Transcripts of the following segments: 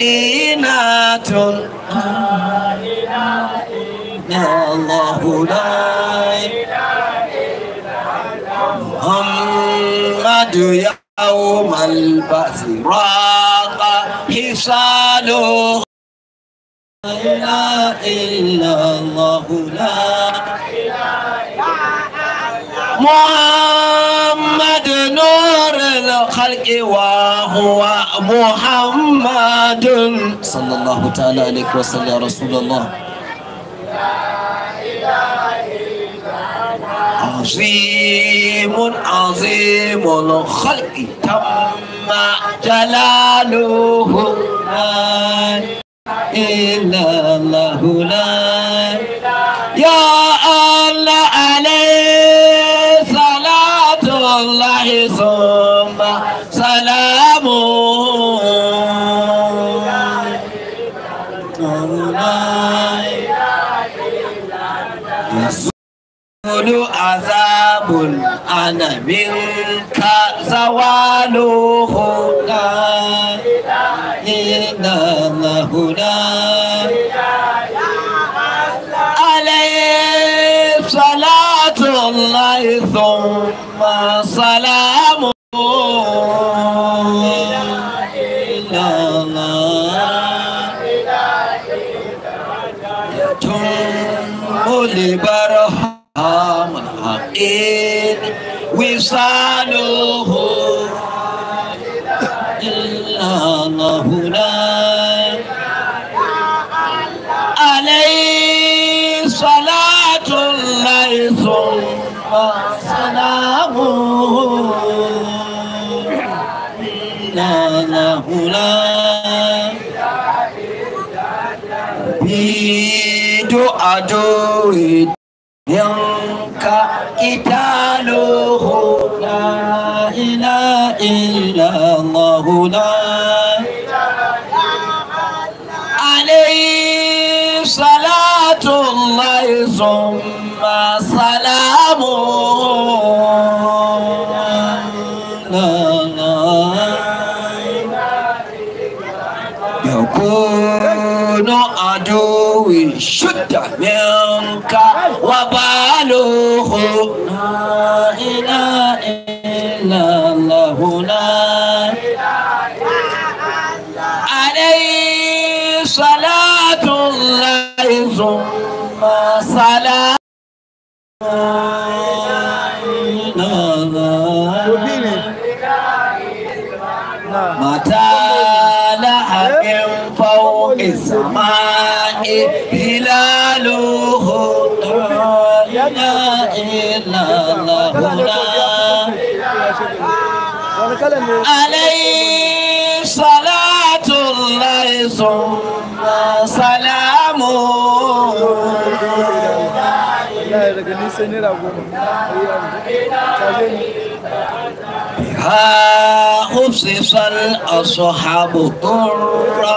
كائنات الله لا محمد يوم البعث راق حصاله لا إلا الله لا محمد خلقي وهو محمد صلى الله تعالى عليك وسلم يا رسول الله عظيم عظيم الخلق تم جلاله لا إله إلا الله لا tunai Sunu azabun ana minka zawaluhu la ina lahu la alayhi salatullahi thumma salamu ila Allah قل برحم إن وصاله إلا الله لا عليه صلاة الله ثم سلامه إلا الله لا ido ado yanka italo la ila illa allah la alayhi salatu allah summa salamu الشدة منك وبالغ لا إله إلا الله لا عليه صلاة الله ثم صلاة متى لحق فوق السماء هلاله لا إله إلا الله عليه صلاة الله ثم سلامه بها أبصص الأصحاب ضرا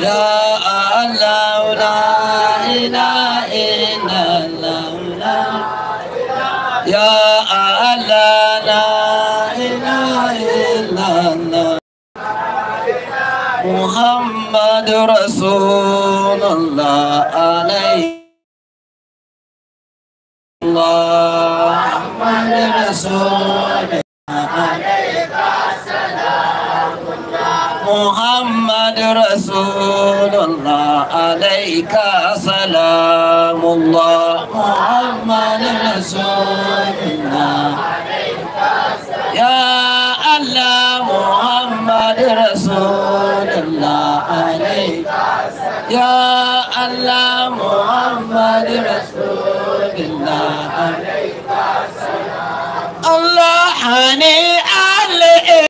Ya Allah la ilaha illallah Ya Allah Muhammad Rasulullah محمد رسول الله عليك سلام الله محمد رسول الله يا الله محمد رسول الله عليك يا الله محمد رسول الله عليك سلام الله حنين